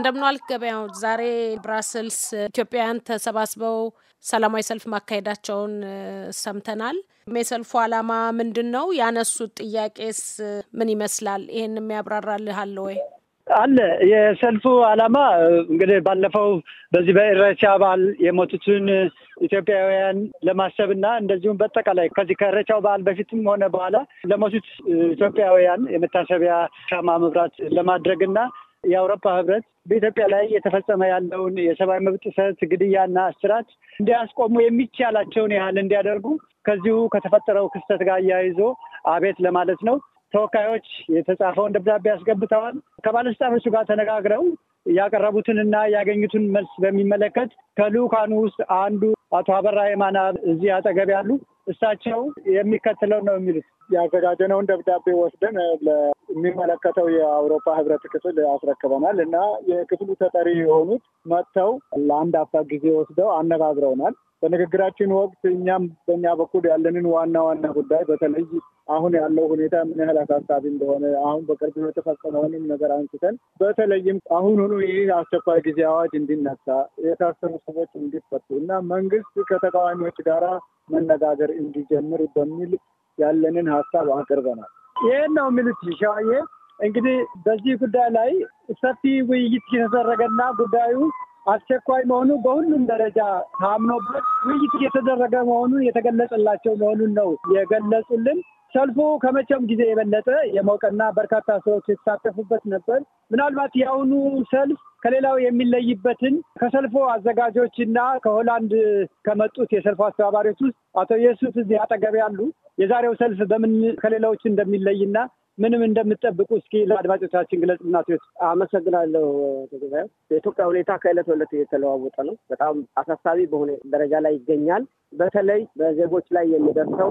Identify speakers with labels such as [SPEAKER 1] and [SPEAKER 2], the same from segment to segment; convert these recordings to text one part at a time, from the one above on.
[SPEAKER 1] እንደምኗል ገበያው። ዛሬ ብራስልስ ኢትዮጵያውያን ተሰባስበው ሰላማዊ ሰልፍ ማካሄዳቸውን ሰምተናል። የሰልፉ ዓላማ ምንድን ነው? ያነሱት ጥያቄስ ምን ይመስላል? ይህን የሚያብራራልህ አለ ወይ?
[SPEAKER 2] አለ። የሰልፉ ዓላማ እንግዲህ ባለፈው በዚህ በኢሬቻ በዓል የሞቱትን ኢትዮጵያውያን ለማሰብ እና እንደዚሁም በጠቃላይ ከዚህ ከኢሬቻው በዓል በፊትም ሆነ በኋላ ለሞቱት ኢትዮጵያውያን የመታሰቢያ ሻማ መብራት ለማድረግ እና የአውሮፓ ህብረት በኢትዮጵያ ላይ እየተፈጸመ ያለውን የሰብአዊ መብት ጥሰት፣ ግድያና እስራት እንዲያስቆሙ የሚቻላቸውን ያህል እንዲያደርጉ ከዚሁ ከተፈጠረው ክስተት ጋር እያይዞ አቤት ለማለት ነው። ተወካዮች የተጻፈውን ደብዳቤ ያስገብተዋል። ከባለስልጣኖቹ ጋር ተነጋግረው ያቀረቡትን እና ያገኙትን መልስ በሚመለከት ከልኡካኑ ውስጥ አንዱ አቶ አበራ የማና እዚህ አጠገብ ያሉ እሳቸው የሚከተለው ነው የሚሉት ያዘጋጀነውን ደብዳቤ ወስደን የሚመለከተው የአውሮፓ ህብረት ክፍል አስረክበናል እና የክፍሉ ተጠሪ የሆኑት መጥተው ለአንድ አፍታ ጊዜ ወስደው አነጋግረውናል። በንግግራችን ወቅት እኛም በእኛ በኩል ያለንን ዋና ዋና ጉዳይ በተለይ አሁን ያለው ሁኔታ ምን ያህል አሳሳቢ እንደሆነ አሁን በቅርብ የተፈጸመውንም ነገር አንስተን በተለይም ሁኑ ይህ አስቸኳይ ጊዜ አዋጅ እንዲነሳ፣ የታሰሩ ሰዎች እንዲፈቱ እና መንግስት ከተቃዋሚዎች ጋራ መነጋገር እንዲጀምር በሚል ያለንን ሀሳብ አቅርበናል። ይህን ነው የሚሉት ሸዋዬ። እንግዲህ በዚህ ጉዳይ ላይ ሰፊ ውይይት እየተደረገና ጉዳዩ አስቸኳይ መሆኑ በሁሉም ደረጃ ታምኖበት ውይይት እየተደረገ መሆኑን የተገለጸላቸው መሆኑን ነው የገለጹልን። ሰልፉ ከመቼውም ጊዜ የበለጠ የሞቀና በርካታ ሰዎች የተሳተፉበት ነበር። ምናልባት የአሁኑ ሰልፍ ከሌላው የሚለይበትን ከሰልፎ አዘጋጆች እና ከሆላንድ ከመጡት የሰልፉ አስተባባሪዎች ውስጥ አቶ ኢየሱስ እዚህ አጠገብ ያሉ የዛሬው ሰልፍ በምን ከሌላዎች እንደሚለይና ምንም እንደምጠብቁ እስኪ ለአድማጮቻችን ግለጽ። ምናቶች
[SPEAKER 3] አመሰግናለሁ። የኢትዮጵያ ሁኔታ ከእለት ወለት እየተለዋወጠ ነው። በጣም አሳሳቢ በሆነ ደረጃ ላይ ይገኛል። በተለይ በዜጎች ላይ የሚደርሰው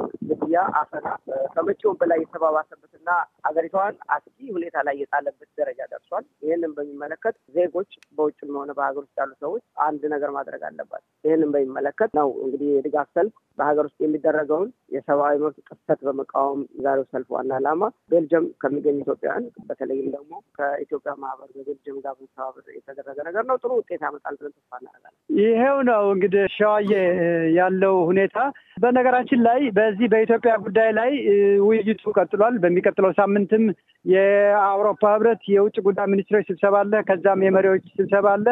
[SPEAKER 3] ያ አፈና ከመቼውም በላይ የተባባሰበትና ሀገሪቷን አስጊ ሁኔታ ላይ የጣለበት ደረጃ ደርሷል። ይህንን በሚመለከት ዜጎች በውጭም ሆነ በሀገር ውስጥ ያሉ ሰዎች አንድ ነገር ማድረግ አለባት። ይህንን በሚመለከት ነው እንግዲህ የድጋፍ ሰልፍ በሀገር ውስጥ የሚደረገውን የሰብአዊ መብት ጥሰት በመቃወም የዛሬው ሰልፍ ዋና ዓላማ ቤልጅየም ከሚገኙ ኢትዮጵያውያን በተለይም ደግሞ ከኢትዮጵያ ማህበር በቤልጅየም ጋር በመተባበር የተደረገ ነገር ነው። ጥሩ ውጤት ያመጣል ብለን ተስፋ እናደርጋለን።
[SPEAKER 2] ይሄው ነው እንግዲህ ሸዋዬ ያለው ሁኔታ በነገራችን ላይ በዚህ በኢትዮጵያ ጉዳይ ላይ ውይይቱ ቀጥሏል። በሚቀጥለው ሳምንትም የአውሮፓ ህብረት የውጭ ጉዳይ ሚኒስትሮች ስብሰባ አለ። ከዛም የመሪዎች ስብሰባ አለ።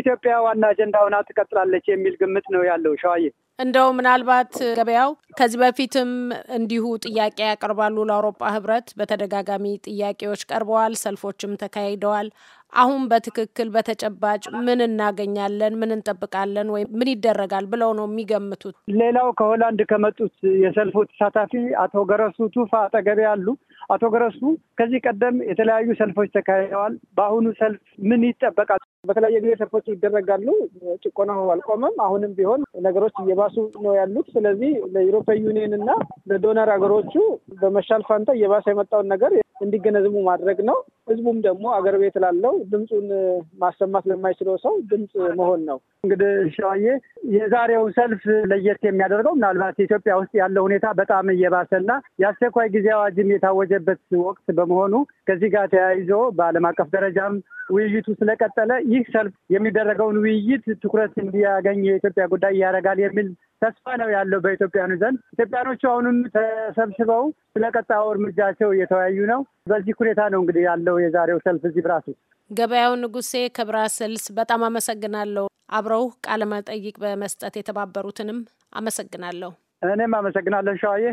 [SPEAKER 2] ኢትዮጵያ ዋና አጀንዳ ሆና ትቀጥላለች የሚል ግምት ነው ያለው ሸዋዬ።
[SPEAKER 1] እንደው ምናልባት ገበያው ከዚህ በፊትም እንዲሁ ጥያቄ ያቀርባሉ ለአውሮፓ ህብረት በተደጋጋሚ ጥያቄዎች ቀርበዋል፣ ሰልፎችም ተካሂደዋል። አሁን በትክክል በተጨባጭ ምን እናገኛለን፣ ምን እንጠብቃለን፣ ወይም ምን ይደረጋል ብለው ነው የሚገምቱት?
[SPEAKER 2] ሌላው ከሆላንድ ከመጡት የሰልፉ ተሳታፊ አቶ ገረሱ ቱፋ አጠገቤ አሉ። አቶ ገረሱ ከዚህ ቀደም የተለያዩ ሰልፎች ተካሂደዋል። በአሁኑ ሰልፍ ምን ይጠበቃል? በተለያየ ጊዜ ሰልፎች ይደረጋሉ። ጭቆናው አልቆመም። አሁንም ቢሆን ነገሮች እየባሱ ነው ያሉት። ስለዚህ ለዩሮፒያን ዩኒየን እና ለዶነር ሀገሮቹ በመሻል ፋንታ እየባሰ የመጣውን ነገር እንዲገነዝሙ ማድረግ ነው። ህዝቡም ደግሞ አገር ቤት ላለው ድምፁን ማሰማት ለማይችለው ሰው ድምፅ መሆን ነው። እንግዲህ ሸዋዬ የዛሬው ሰልፍ ለየት የሚያደርገው ምናልባት ኢትዮጵያ ውስጥ ያለው ሁኔታ በጣም እየባሰና የአስቸኳይ ጊዜ አዋጅም የታወጀበት ወቅት በመሆኑ ከዚህ ጋር ተያይዞ በዓለም አቀፍ ደረጃም ውይይቱ ስለቀጠለ ይህ ሰልፍ የሚደረገውን ውይይት ትኩረት እንዲያገኝ የኢትዮጵያ ጉዳይ ያደርጋል የሚል ተስፋ ነው ያለው በኢትዮጵያኑ ዘንድ። ኢትዮጵያኖቹ አሁንም ተሰብስበው ስለ ቀጣው እርምጃቸው እየተወያዩ ነው። በዚህ ሁኔታ ነው እንግዲህ ያለው የዛሬው ሰልፍ እዚህ ብራስልስ።
[SPEAKER 1] ገበያው ንጉሴ ከብራስልስ በጣም አመሰግናለሁ። አብረው ቃለ መጠይቅ በመስጠት የተባበሩትንም አመሰግናለሁ።
[SPEAKER 2] እኔም አመሰግናለን ሸዋዬ።